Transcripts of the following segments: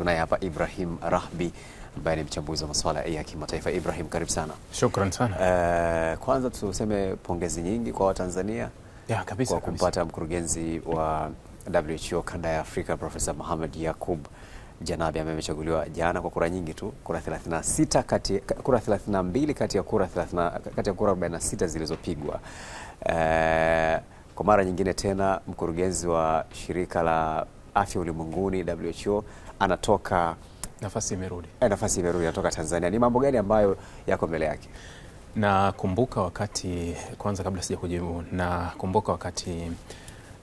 Tunaye hapa Ibrahim Rahbi ambaye ni mchambuzi wa masuala ya kimataifa. Ibrahim, karibu sana. Shukran sana. Uh, kwanza tuseme pongezi nyingi kwa Watanzania ya, kabisa, kwa kumpata kabisa, mkurugenzi wa WHO kanda ya Afrika Profesa Mohamed Yakub Janabi ambaye amechaguliwa jana kwa kura nyingi tu, kura 36 kati kura 32 kati ya kura 30 kati ya kura 46 zilizopigwa. Uh, kwa mara nyingine tena mkurugenzi wa shirika la afya ulimwenguni WHO anatoka nafasi imerudi, eh, nafasi imerudi, anatoka Tanzania. Ni mambo gani ambayo yako mbele yake? Nakumbuka wakati kwanza, kabla sija kujibu, nakumbuka wakati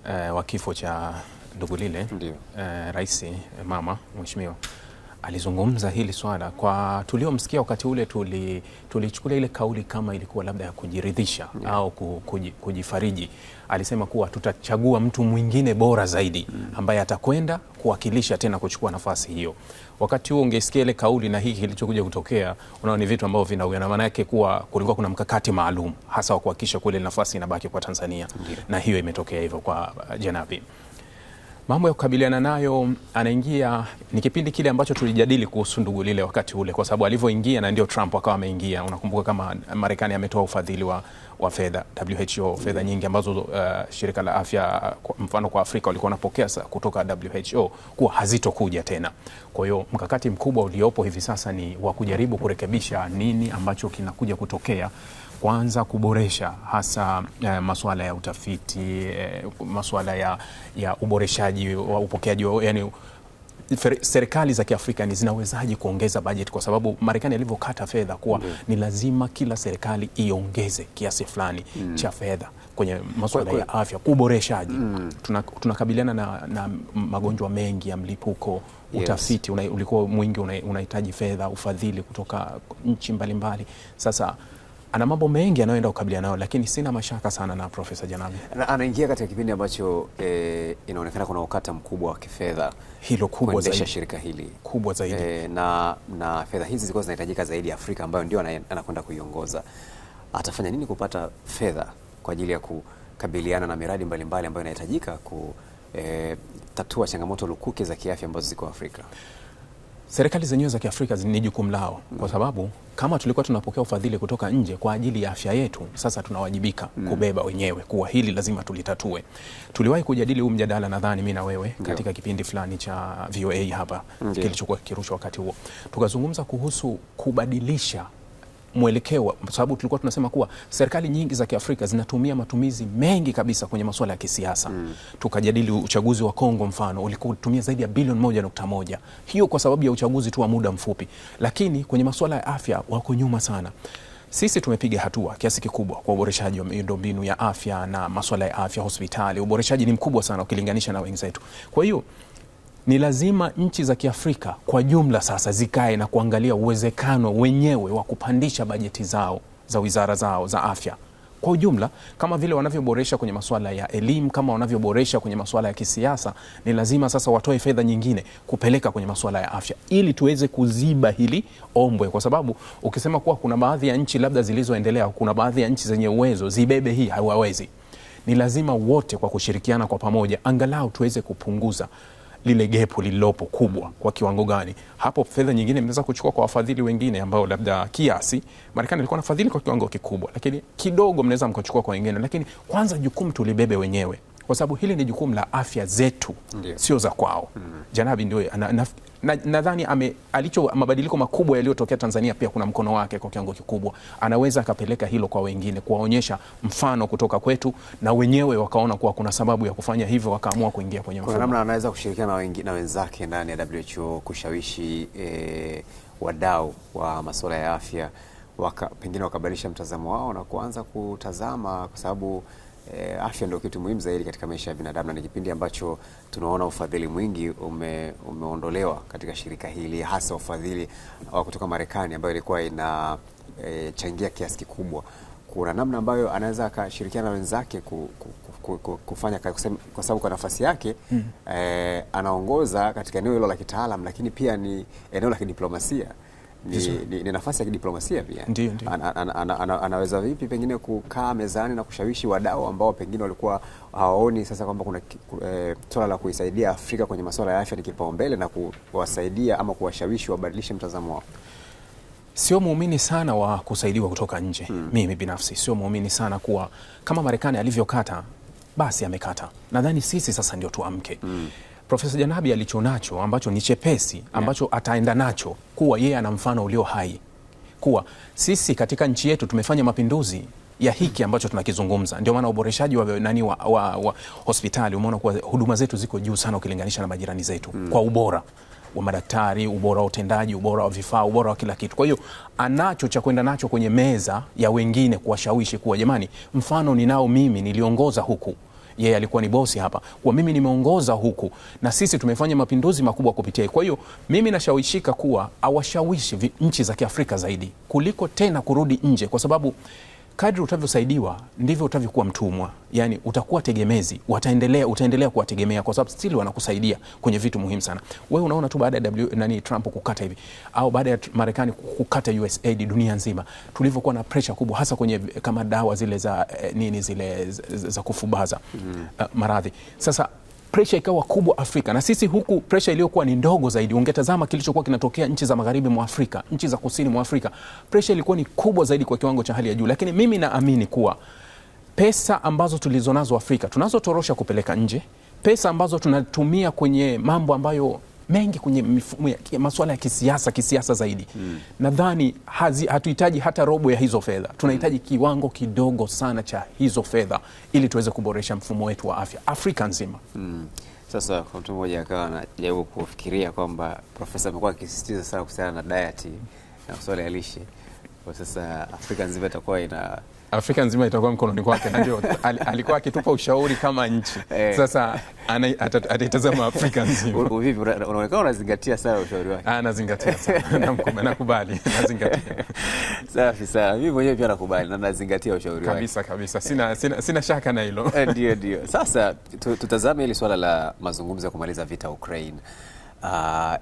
eh, wa kifo cha ndugu lile eh, rais mama mheshimiwa alizungumza hili swala kwa tuliomsikia wakati ule tulichukulia tuli ile kauli kama ilikuwa labda ya kujiridhisha yeah, au kujifariji. Alisema kuwa tutachagua mtu mwingine bora zaidi mm. ambaye atakwenda kuwakilisha tena kuchukua nafasi hiyo. Wakati huo ungesikia ile kauli na hiki kilichokuja kutokea, unaona ni vitu ambavyo na Maana yake kuwa kulikuwa kuna mkakati maalum hasa wa kuhakikisha kule nafasi inabaki kwa Tanzania, yeah, na hiyo imetokea hivyo kwa uh, Janabi. Mambo ya kukabiliana nayo anaingia, ni kipindi kile ambacho tulijadili kuhusu ndugu lile wakati ule, kwa sababu alivyoingia na ndio Trump akawa ameingia. Unakumbuka kama Marekani ametoa ufadhili wa, wa fedha WHO, fedha nyingi ambazo uh, shirika la afya mfano kwa Afrika walikuwa wanapokea kutoka WHO kuwa hazitokuja tena. Kwa hiyo mkakati mkubwa uliopo hivi sasa ni wa kujaribu kurekebisha nini ambacho kinakuja kutokea kwanza kuboresha hasa eh, masuala ya utafiti eh, masuala ya, ya uboreshaji wa upokeaji wa yani, serikali za Kiafrika ni zinawezaje kuongeza bajeti, kwa sababu Marekani alivyokata fedha kuwa mm. ni lazima kila serikali iongeze kiasi fulani mm. cha fedha kwenye masuala ya afya kuboreshaji. mm. tunakabiliana tuna na, na magonjwa mengi ya mlipuko Yes. Utafiti una, ulikuwa mwingi unahitaji fedha, ufadhili kutoka nchi mbalimbali mbali. Sasa ana mambo mengi anayoenda kukabiliana nayo, lakini sina mashaka sana na Profesa Janabi anaingia katika kipindi ambacho e, inaonekana kuna ukata mkubwa wa kifedha hilo kubwa zaidi shirika hili kubwa zaidi e, na, na fedha hizi zilikuwa zinahitajika zaidi Afrika ambayo ndio anakwenda kuiongoza. Atafanya nini kupata fedha kwa ajili ya kukabiliana na miradi mbalimbali ambayo inahitajika ku e, tatua changamoto lukuki za kiafya ambazo ziko Afrika? serikali zenyewe za Kiafrika ni jukumu lao, kwa sababu kama tulikuwa tunapokea ufadhili kutoka nje kwa ajili ya afya yetu, sasa tunawajibika mm. kubeba wenyewe kuwa hili lazima tulitatue. Tuliwahi kujadili huu mjadala, nadhani mimi na wewe katika kipindi fulani cha VOA hapa kilichokuwa kikirushwa wakati huo, tukazungumza kuhusu kubadilisha mwelekeo, kwa sababu tulikuwa tunasema kuwa serikali nyingi za Kiafrika zinatumia matumizi mengi kabisa kwenye masuala ya kisiasa mm. Tukajadili uchaguzi wa Kongo, mfano ulikuwa tumia zaidi ya bilioni moja nukta moja, hiyo kwa sababu ya uchaguzi tu wa muda mfupi, lakini kwenye masuala ya afya wako nyuma sana. Sisi tumepiga hatua kiasi kikubwa kwa uboreshaji wa miundombinu ya afya na masuala ya afya, hospitali. Uboreshaji ni mkubwa sana ukilinganisha na wenzetu, kwa hiyo ni lazima nchi za Kiafrika kwa jumla sasa zikae na kuangalia uwezekano wenyewe wa kupandisha bajeti zao za wizara zao za afya kwa ujumla, kama vile wanavyoboresha kwenye masuala ya elimu, kama wanavyoboresha kwenye masuala ya kisiasa, ni lazima sasa watoe fedha nyingine kupeleka kwenye masuala ya afya, ili tuweze kuziba hili ombwe, kwa sababu ukisema kuwa kuna baadhi ya nchi labda zilizoendelea, kuna baadhi ya nchi zenye uwezo zibebe hii, hawawezi. Ni lazima wote kwa kushirikiana kwa pamoja, angalau tuweze kupunguza lile gepo lililopo kubwa kwa kiwango gani. Hapo fedha nyingine mnaweza kuchukua kwa wafadhili wengine ambao labda kiasi, Marekani ilikuwa nafadhili kwa kiwango kikubwa, lakini kidogo mnaweza mkachukua kwa wengine, lakini kwanza jukumu tulibebe wenyewe, kwa sababu hili ni jukumu la afya zetu, sio za kwao. mm -hmm. Janabi ndio nadhani na alicho mabadiliko makubwa yaliyotokea Tanzania pia kuna mkono wake kwa kiwango kikubwa, anaweza akapeleka hilo kwa wengine, kuwaonyesha mfano kutoka kwetu, na wenyewe wakaona kuwa kuna sababu ya kufanya hivyo, wakaamua kuingia kwenye mfumo. Kuna namna anaweza kushirikiana na wenzake ndani ya WHO kushawishi eh, wadau wa masuala ya afya waka, pengine wakabadilisha mtazamo wao na kuanza kutazama kwa sababu eh, afya ndio kitu muhimu zaidi katika maisha ya binadamu na ni kipindi ambacho tunaona ufadhili mwingi ume, umeondolewa katika shirika hili hasa ufadhili wa kutoka Marekani ambayo ilikuwa inachangia eh, e, kiasi kikubwa. Kuna namna ambayo anaweza akashirikiana na wenzake ku, ku, ku, kufanya kwa sababu kwa nafasi yake mm -hmm. Eh, anaongoza katika eneo hilo la kitaalam, lakini pia ni eneo la kidiplomasia ni, ni, ni nafasi ya kidiplomasia pia. Ndiyo, ndiyo. Ana, ana, ana, ana, anaweza vipi pengine kukaa mezani na kushawishi wadau ambao pengine walikuwa hawaoni sasa kwamba kuna e, swala la kuisaidia Afrika kwenye masuala ya afya ni kipaumbele na kuwasaidia ama kuwashawishi wabadilishe mtazamo wao? Sio muumini sana wa kusaidiwa kutoka nje hmm. Mimi binafsi sio muumini sana kuwa kama Marekani alivyokata basi amekata. Nadhani sisi sasa ndio tuamke hmm. Profesa Janabi alicho nacho ambacho ni chepesi ambacho ataenda nacho kuwa yeye ana mfano ulio hai kuwa sisi katika nchi yetu tumefanya mapinduzi ya hiki ambacho tunakizungumza. Ndio maana uboreshaji wa, nani wa, wa, wa hospitali umeona kuwa huduma zetu ziko juu sana ukilinganisha na majirani zetu mm. kwa ubora wa madaktari, ubora wa utendaji, ubora wa vifaa, ubora wa kila kitu. Kwa hiyo anacho cha kwenda nacho kwenye meza ya wengine kuwashawishi kuwa jamani, mfano ninao mimi niliongoza huku yeye yeah, alikuwa ni bosi hapa, kwa mimi nimeongoza huku na sisi tumefanya mapinduzi makubwa kupitia. Kwa hiyo mimi nashawishika kuwa awashawishi nchi za Kiafrika zaidi kuliko tena kurudi nje, kwa sababu kadri utavyosaidiwa ndivyo utavyokuwa mtumwa, yani utakuwa tegemezi, wataendelea utaendelea kuwategemea kwa sababu still wanakusaidia kwenye vitu muhimu sana. Wewe unaona tu baada ya nani Trump kukata hivi au baada ya Marekani kukata USAID dunia nzima, tulivyokuwa na pressure kubwa, hasa kwenye kama dawa zile za eh, nini zile za kufubaza mm -hmm. uh, maradhi sasa presha ikawa kubwa Afrika, na sisi huku presha iliyokuwa ni ndogo zaidi. Ungetazama kilichokuwa kinatokea nchi za magharibi mwa Afrika, nchi za kusini mwa Afrika, presha ilikuwa ni kubwa zaidi kwa kiwango cha hali ya juu, lakini mimi naamini kuwa pesa ambazo tulizonazo Afrika tunazotorosha kupeleka nje, pesa ambazo tunatumia kwenye mambo ambayo mengi kwenye masuala ya kisiasa kisiasa zaidi mm. Nadhani hatuhitaji hata robo ya hizo fedha, tunahitaji mm. kiwango kidogo sana cha hizo fedha ili tuweze kuboresha mfumo wetu wa afya Afrika nzima mm. Sasa kwa mtu mmoja akawa anajaribu kufikiria kwamba profesa amekuwa akisisitiza sana kuhusiana na diet na masuala ya lishe, kwa sasa Afrika nzima itakuwa ina Afrika nzima itakuwa mkononi kwake, najua al, alikuwa akitupa ushauri kama nchi eh. Sasa ataitazama Afrika nzima. Vipi, unaonekana unazingatia sana ushauri wake. Ah, nazingatia sana, nakubali, nazingatia. Safi sana, mimi mwenyewe pia nakubali na nazingatia ushauri wake kabisa kabisa, sina, eh. sina, sina shaka na hilo eh, ndio ndio. Sasa tutazame hili swala la mazungumzo ya kumaliza vita Ukraine. Uh,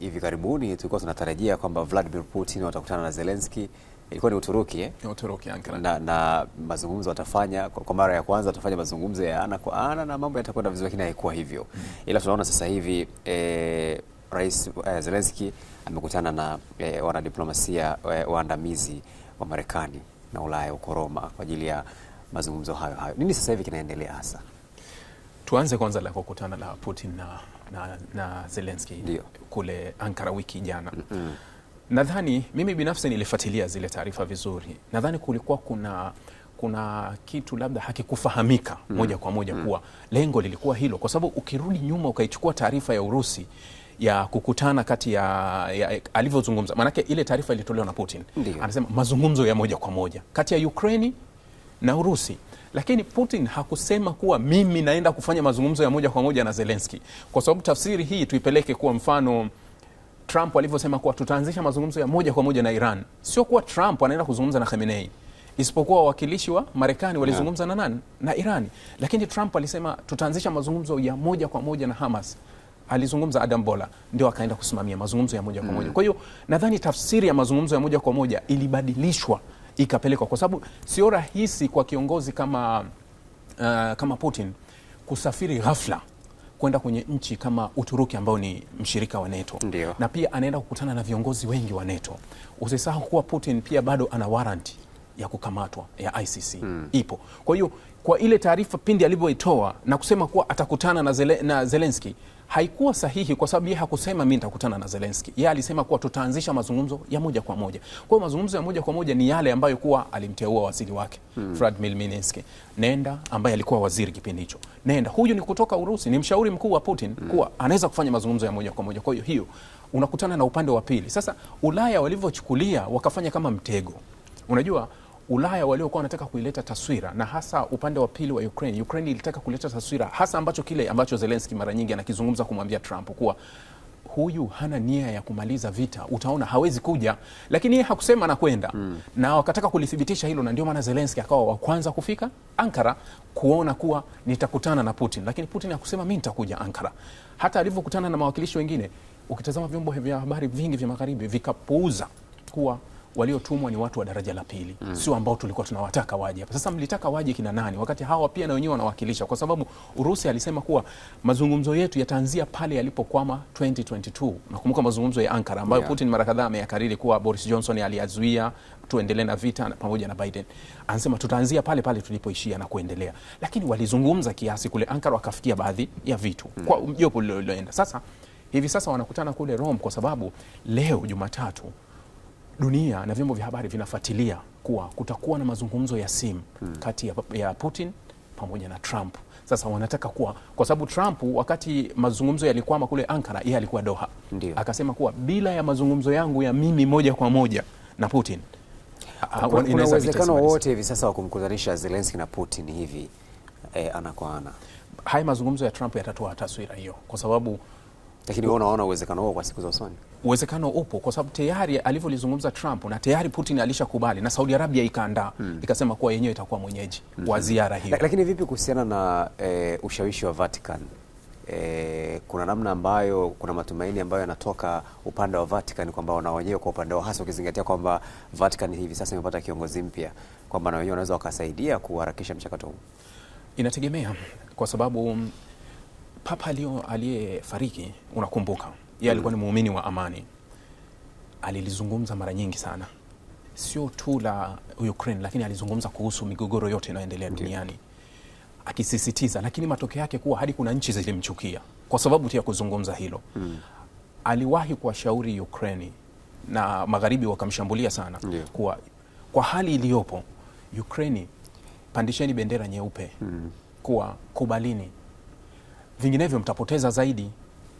hivi karibuni tulikuwa tunatarajia kwamba Vladimir Putin watakutana na Zelensky ilikuwa ni Uturuki eh? Uturuki Ankara. Na, na mazungumzo watafanya kwa kwa mara ya kwanza watafanya mazungumzo ya ana kwa ana na mambo yatakwenda vizuri, lakini haikuwa hivyo mm. Ila tunaona sasa hivi eh, Rais eh, Zelensky amekutana na eh, wanadiplomasia eh, waandamizi wa Marekani na Ulaya huko Roma kwa ajili ya mazungumzo hayo hayo. Nini sasa hivi kinaendelea hasa? Tuanze kwanza la kukutana la Putin na, na, na Zelensky Dio. kule Ankara wiki jana mm -hmm nadhani mimi binafsi nilifuatilia zile taarifa vizuri, nadhani kulikuwa kuna kuna kitu labda hakikufahamika mm. moja kwa moja mm. kuwa lengo lilikuwa hilo, kwa sababu ukirudi nyuma ukaichukua taarifa ya Urusi ya kukutana kati ya, ya alivyozungumza, maanake ile taarifa ilitolewa na Putin Ndiyo. anasema mazungumzo ya moja kwa moja kati ya Ukraini na Urusi, lakini Putin hakusema kuwa mimi naenda kufanya mazungumzo ya moja kwa moja na Zelensky, kwa sababu tafsiri hii tuipeleke kuwa mfano Trump alivyosema kuwa tutaanzisha mazungumzo ya moja kwa moja na Iran, sio kuwa Trump anaenda kuzungumza na Khamenei, isipokuwa wawakilishi wa Marekani walizungumza na nani? Na Iran. Lakini Trump alisema tutaanzisha mazungumzo ya moja kwa moja na Hamas. Alizungumza Adam Bola, ndio akaenda kusimamia mazungumzo ya moja kwa moja. Mm. Kwa hiyo nadhani tafsiri ya mazungumzo ya moja kwa moja ilibadilishwa ikapelekwa, kwa sababu sio rahisi kwa kiongozi kama, uh, kama Putin kusafiri ghafla kwenda kwenye nchi kama Uturuki ambao ni mshirika wa NATO. Ndiyo. Na pia anaenda kukutana na viongozi wengi wa NATO. Usisahau kuwa Putin pia bado ana waranti ya kukamatwa ya ICC hmm. Ipo. Kwa hiyo kwa ile taarifa pindi alivyoitoa na kusema kuwa atakutana na, Zel na Zelensky haikuwa sahihi kwa sababu yeye hakusema mimi nitakutana na Zelensky. Yeye alisema kuwa tutaanzisha mazungumzo ya moja kwa moja. Kwa hiyo mazungumzo ya moja kwa moja ni yale ambayo kuwa alimteua waziri wake hmm, Vladimir Medinsky. Nenda ambaye alikuwa waziri kipindi hicho. Nenda huyu ni kutoka Urusi, ni mshauri mkuu wa Putin hmm, kuwa anaweza kufanya mazungumzo ya moja kwa moja. Kwa hiyo hiyo unakutana na upande wa pili. Sasa Ulaya walivyochukulia wakafanya kama mtego. Unajua Ulaya waliokuwa wanataka kuileta taswira na hasa upande wa pili wa Ukraine. Ukraine ilitaka kuleta taswira hasa ambacho kile ambacho Zelensky mara nyingi anakizungumza kumwambia Trump kuwa huyu hana nia ya kumaliza vita, utaona hawezi kuja, lakini yeye hakusema anakwenda mm. na wakataka kulithibitisha hilo, na ndio maana Zelensky akawa wa kwanza kufika Ankara kuona kuwa nitakutana na Putin, lakini Putin hakusema mi nitakuja Ankara. Hata alivyokutana na mawakilishi wengine, ukitazama vyombo vya habari vingi vya magharibi vikapuuza kuwa waliotumwa ni watu wa daraja la pili mm. Sio ambao tulikuwa tunawataka waje hapa. Sasa mlitaka waje kina nani, wakati hawa pia na wenyewe wanawakilisha, kwa sababu Urusi alisema kuwa mazungumzo yetu yataanzia pale yalipokwama 2022. Nakumbuka mazungumzo ya Ankara ambayo yeah. Putin mara kadhaa ameyakariri kuwa Boris Johnson aliyazuia tuendelee na vita pamoja na Biden. Anasema tutaanzia pale pale tulipoishia na kuendelea, lakini walizungumza kiasi kule Ankara, wakafikia baadhi ya vitu mm. kwa jopo lililoenda. Sasa hivi sasa wanakutana kule Rome, kwa sababu leo Jumatatu dunia na vyombo vya habari vinafuatilia kuwa kutakuwa na mazungumzo ya simu hmm. kati ya, ya Putin pamoja na Trump. Sasa wanataka kuwa, kwa sababu Trump wakati mazungumzo yalikwama kule Ankara, yeye alikuwa Doha. Ndiyo. akasema kuwa bila ya mazungumzo yangu ya mimi moja kwa moja na Putin kuna uwezekano wote hivi sasa wa kumkutanisha Zelensky na Putin hivi eh, ana kwa ana. Haya mazungumzo ya Trump yatatoa taswira hiyo, kwa sababu lakini wewe unaona uwezekano huo kwa siku za usoni? uwezekano upo kwa sababu tayari alivyolizungumza Trump na tayari Putin alishakubali na Saudi Arabia ikaandaa hmm. ikasema kuwa yenyewe itakuwa mwenyeji hmm. wa ziara hiyo. Lakini vipi kuhusiana na e, ushawishi wa Vatican? E, kuna namna ambayo kuna matumaini ambayo yanatoka upande wa Vatican kwamba wana wenyewe kwa upande wao, hasa ukizingatia kwamba Vatican hivi sasa imepata kiongozi mpya, kwamba na wenyewe wanaweza wakasaidia kuharakisha mchakato huu. Inategemea kwa sababu mm, Papa Leo aliyefariki, unakumbuka yeye alikuwa ni muumini wa amani, alilizungumza mara nyingi sana, sio tu la Ukraine, lakini alizungumza kuhusu migogoro yote inayoendelea duniani okay akisisitiza lakini matokeo yake kuwa hadi kuna nchi zilimchukia kwa sababu tu ya kuzungumza hilo. Mm. Aliwahi kuwashauri Ukraine na magharibi wakamshambulia sana. Yeah. Kuwa kwa hali iliyopo Ukraine, pandisheni bendera nyeupe. Mm. Kuwa kubalini, vinginevyo mtapoteza zaidi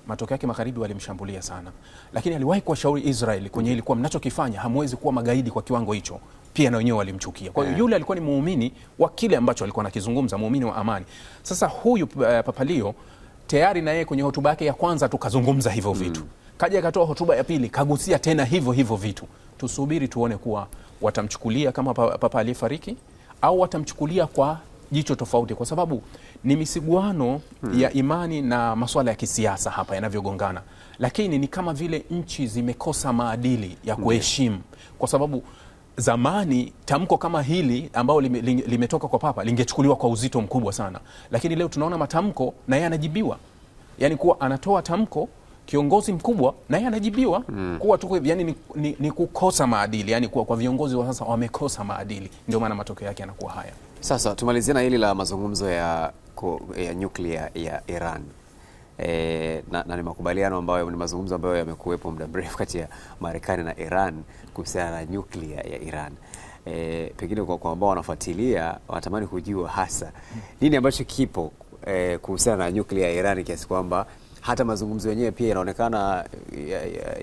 matokeo yake magharibi walimshambulia sana, lakini aliwahi kuwashauri israel kwenye hili mm. mnachokifanya hamwezi kuwa magaidi kwa kiwango hicho. Pia na wenyewe walimchukia. Kwa hiyo yule alikuwa ni muumini wa kile ambacho alikuwa anakizungumza, muumini wa amani. Sasa huyu uh, Papalio tayari na yeye kwenye hotuba yake ya kwanza tukazungumza hivyo mm. vitu mm. Kaja akatoa hotuba ya pili kagusia tena hivyo hivyo vitu. Tusubiri tuone kuwa watamchukulia kama papa aliyefariki au watamchukulia kwa jicho tofauti, kwa sababu ni misiguano hmm, ya imani na masuala ya kisiasa hapa yanavyogongana, lakini ni kama vile nchi zimekosa maadili ya kuheshimu kwa sababu zamani tamko kama hili ambalo limetoka lime kwa papa lingechukuliwa kwa uzito mkubwa sana, lakini leo tunaona matamko na yeye anajibiwa, yani kuwa anatoa tamko kiongozi mkubwa na yeye anajibiwa hmm. kuwa tu yani ni, ni, ni kukosa maadili yani kuwa kwa viongozi wa sasa wamekosa maadili, ndio maana matokeo yake yanakuwa haya. Sasa tumalizia na hili la mazungumzo ya, ya nyuklia ya Iran e, na, na ni makubaliano ambayo ni mazungumzo ambayo yamekuwepo muda mrefu kati ya Marekani na Iran kuhusiana na nyuklia ya Iran. E, pengine kwa, kwa ambao wanafuatilia wanatamani kujua hasa nini ambacho kipo e, kuhusiana na nyuklia ya Iran kiasi kwamba hata mazungumzo yenyewe pia yanaonekana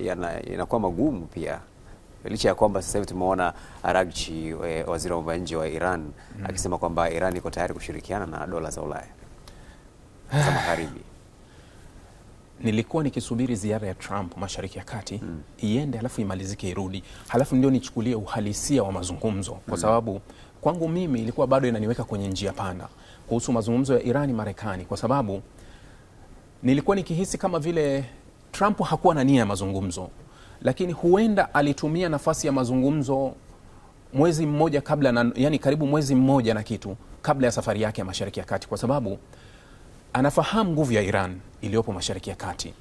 yanakuwa ya, ya, ya magumu pia licha ya kwamba sasa hivi tumeona Aragchi, eh, waziri wa mambo ya nje wa Iran mm akisema kwamba Iran iko tayari kushirikiana na dola za Ulaya za magharibi. Nilikuwa nikisubiri ziara ya Trump Mashariki ya Kati mm. iende, halafu imalizike, irudi, halafu ndio nichukulie uhalisia wa mazungumzo, kwa mm. sababu kwangu mimi ilikuwa bado inaniweka kwenye njia panda kuhusu mazungumzo ya Irani Marekani, kwa sababu nilikuwa nikihisi kama vile Trump hakuwa na nia ya mazungumzo lakini huenda alitumia nafasi ya mazungumzo mwezi mmoja kabla na, yani karibu mwezi mmoja na kitu kabla ya safari yake ya Mashariki ya Kati, kwa sababu anafahamu nguvu ya Iran iliyopo Mashariki ya Kati.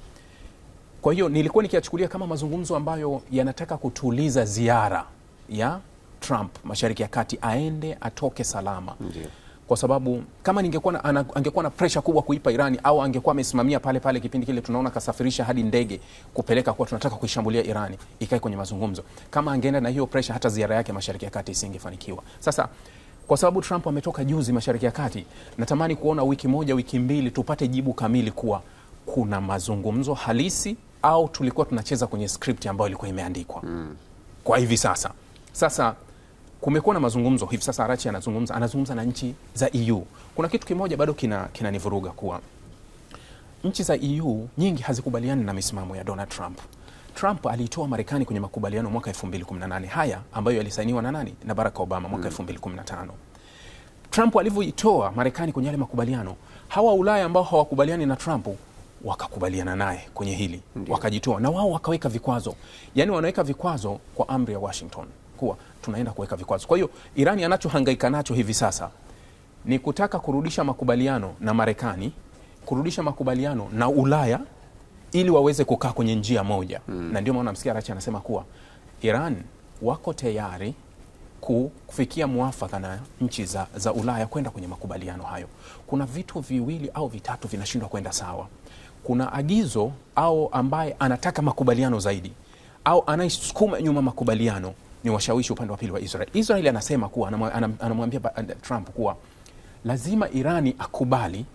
Kwa hiyo nilikuwa nikiyachukulia kama mazungumzo ambayo yanataka kutuliza ziara ya Trump Mashariki ya Kati, aende atoke salama. Ndiyo kwa sababu kama ningekuwa angekuwa na pressure kubwa kuipa Irani au angekuwa amesimamia pale pale kipindi kile, tunaona kasafirisha hadi ndege kupeleka kwa tunataka kuishambulia Irani ikae kwenye mazungumzo. Kama angeenda na hiyo pressure, hata ziara yake Mashariki ya Kati isingefanikiwa. Sasa kwa sababu Trump ametoka juzi Mashariki ya Kati, natamani kuona wiki moja wiki mbili tupate jibu kamili kuwa kuna mazungumzo halisi au tulikuwa tunacheza kwenye script ambayo ilikuwa imeandikwa mm. kwa hivi sasa sasa kumekuwa na mazungumzo hivi sasa. Arachi anazungumza anazungumza na nchi za EU. Kuna kitu kimoja bado kinanivuruga kina kuwa nchi za EU nyingi hazikubaliani na misimamo ya Donald Trump. Trump aliitoa Marekani kwenye makubaliano mwaka 2018 haya ambayo yalisainiwa na nani? Na Barack Obama mwaka 2015. Hmm. Trump alivyoitoa Marekani kwenye yale makubaliano, hawa Ulaya ambao hawakubaliani na Trump wakakubaliana naye kwenye hili, wakajitoa na wao wakaweka vikwazo, yaani wanaweka vikwazo kwa amri ya Washington kuwa tunaenda kuweka vikwazo. Kwa hiyo Irani anachohangaika nacho hivi sasa ni kutaka kurudisha makubaliano na Marekani, kurudisha makubaliano na Ulaya ili waweze kukaa kwenye njia moja mm. na ndio maana msikia Rachi anasema kuwa Iran wako tayari kufikia mwafaka na nchi za, za Ulaya kwenda kwenye makubaliano hayo. Kuna vitu viwili au vitatu vinashindwa kwenda sawa. Kuna agizo au ambaye anataka makubaliano zaidi au anayesukuma nyuma makubaliano ni washawishi upande wa pili wa Israel. Israel anasema kuwa anamwambia eh, Trump kuwa lazima Irani akubali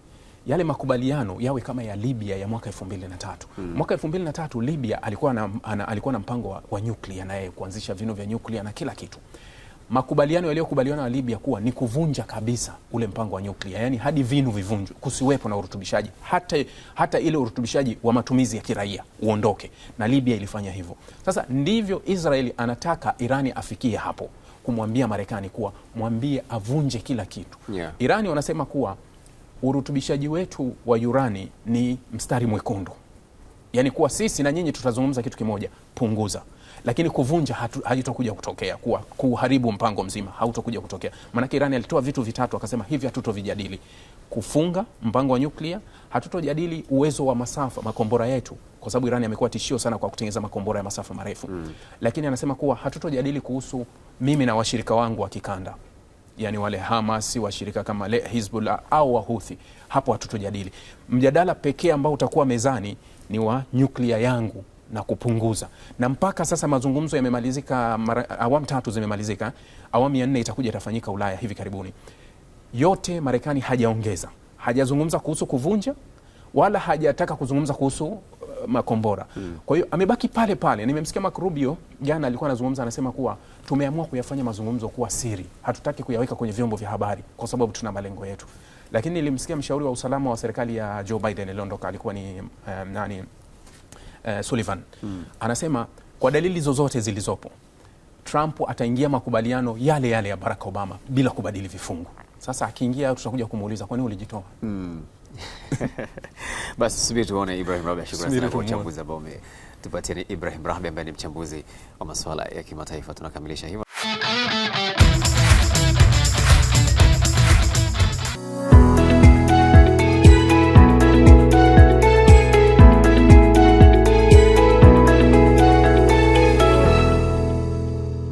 yale makubaliano yawe kama ya Libya ya mwaka tatu. Hmm. Mwaka tatu Libya alikuwa na, ana, alikuwa na mpango wa, wa nyuklia na yeye kuanzisha vinu vya nyuklia na kila kitu makubaliano yaliyokubaliana na Libya kuwa ni kuvunja kabisa ule mpango wa nyuklia, yaani hadi vinu vivunjwe, kusiwepo na urutubishaji hata, hata ile urutubishaji wa matumizi ya kiraia uondoke, na Libya ilifanya hivyo. Sasa ndivyo Israeli anataka Irani afikie hapo, kumwambia Marekani kuwa mwambie avunje kila kitu yeah. Irani wanasema kuwa urutubishaji wetu wa urani ni mstari mwekundu yani kuwa sisi na nyinyi tutazungumza kitu kimoja, punguza. Lakini kuvunja haitokuja kutokea, kuwa kuharibu mpango mzima hautokuja kutokea. Maanake Iran alitoa vitu vitatu akasema hivi hatutovijadili: kufunga mpango wa nyuklia, hatutojadili uwezo wa masafa makombora yetu, kwa sababu Iran amekuwa tishio sana kwa kutengeneza makombora ya masafa marefu mm. Lakini anasema kuwa hatutojadili kuhusu mimi na washirika wangu wa kikanda yani wale Hamas washirika kama Hizbullah au Wahuthi, hapo hatutojadili. Mjadala pekee ambao utakuwa mezani ni wa nyuklia yangu na kupunguza na mpaka sasa mazungumzo yamemalizika, awamu tatu zimemalizika, awamu ya nne itakuja, itafanyika Ulaya hivi karibuni. Yote Marekani hajaongeza, hajazungumza kuhusu kuvunja wala hajataka kuzungumza kuhusu uh, makombora hmm. Kwa hiyo amebaki pale pale. Nimemsikia Marco jana alikuwa anazungumza, anasema kuwa tumeamua kuyafanya mazungumzo kuwa siri, hatutaki kuyaweka kwenye vyombo vya habari kwa sababu tuna malengo yetu. Lakini nilimsikia mshauri wa usalama wa serikali ya Joe Biden aliondoka, alikuwa ni um, nani uh, Sullivan hmm. Anasema kwa dalili zozote zilizopo Trump ataingia makubaliano yale yale ya Barack Obama bila kubadili vifungu. Sasa akiingia tutakuja kumuuliza kwa nini ulijitoa? hmm. Basi subiri tuone. Ibrahim Rahbi, shukrani sana kwa uchambuzi ambao umetupatia. Ni Ibrahim Rahbi ambaye ni mchambuzi wa masuala ya kimataifa. Tunakamilisha hivyo.